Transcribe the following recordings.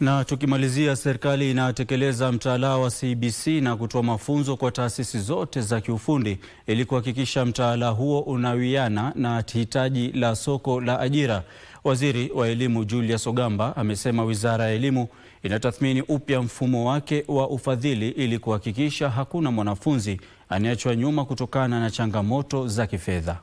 Na tukimalizia, serikali inatekeleza mtaala wa CBC na kutoa mafunzo kwa taasisi zote za kiufundi ili kuhakikisha mtaala huo unawiana na hitaji la soko la ajira. Waziri wa Elimu Julius Ogamba amesema Wizara ya Elimu inatathmini upya mfumo wake wa ufadhili ili kuhakikisha hakuna mwanafunzi anayeachwa nyuma kutokana na changamoto za kifedha.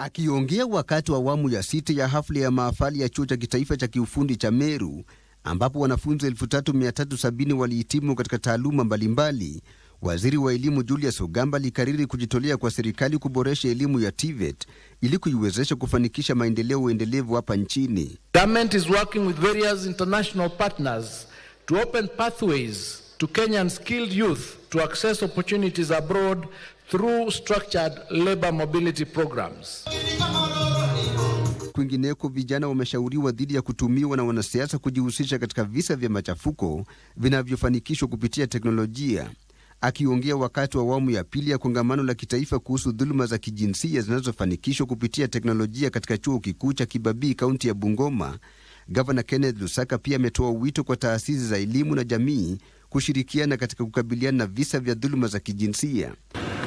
Akiongea wakati wa awamu ya sita ya hafla ya mahafali ya chuo cha kitaifa cha kiufundi cha Meru ambapo wanafunzi 3370 walihitimu katika taaluma mbalimbali, waziri wa elimu Julius Ogamba alikariri kujitolea kwa serikali kuboresha elimu ya TVET ili kuiwezesha kufanikisha maendeleo endelevu hapa nchini. Government is working with various international partners to open pathways to Kenyan skilled youth to access opportunities abroad through structured labor mobility programs kwingineko, vijana wameshauriwa dhidi ya kutumiwa na wanasiasa kujihusisha katika visa vya machafuko vinavyofanikishwa kupitia teknolojia. Akiongea wakati wa awamu ya pili ya kongamano la kitaifa kuhusu dhuluma za kijinsia zinazofanikishwa kupitia teknolojia katika chuo kikuu cha Kibabii, kaunti ya Bungoma, Gavana Kenneth Lusaka pia ametoa wito kwa taasisi za elimu na jamii kushirikiana katika kukabiliana na visa vya dhuluma za kijinsia.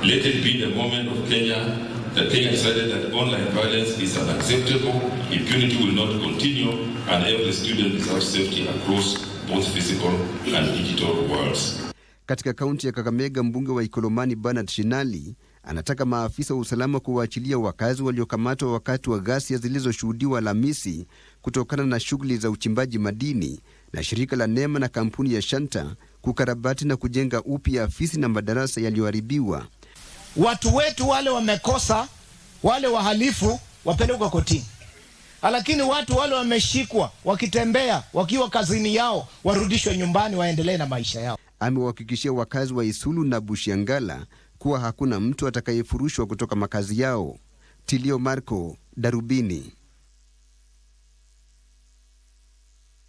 Let it be the moment of Kenya The king decided that online violence is unacceptable, impunity will not continue, and every student deserves safety across both physical and digital worlds. Katika kaunti ya Kakamega, mbunge wa Ikolomani Bernard Shinali anataka maafisa wa usalama kuwaachilia wakazi waliokamatwa wakati wa ghasia zilizoshuhudiwa Alhamisi kutokana na shughuli za uchimbaji madini na shirika la NEMA na kampuni ya Shanta kukarabati na kujenga upya afisi na madarasa yaliyoharibiwa watu wetu wale wamekosa, wale wahalifu wapelekwa kotini, lakini watu wale wameshikwa wakitembea wakiwa kazini yao warudishwe nyumbani, waendelee na maisha yao. Amewahakikishia wakazi wa Isulu na bushiangala kuwa hakuna mtu atakayefurushwa kutoka makazi yao. Tilio Marco, Darubini.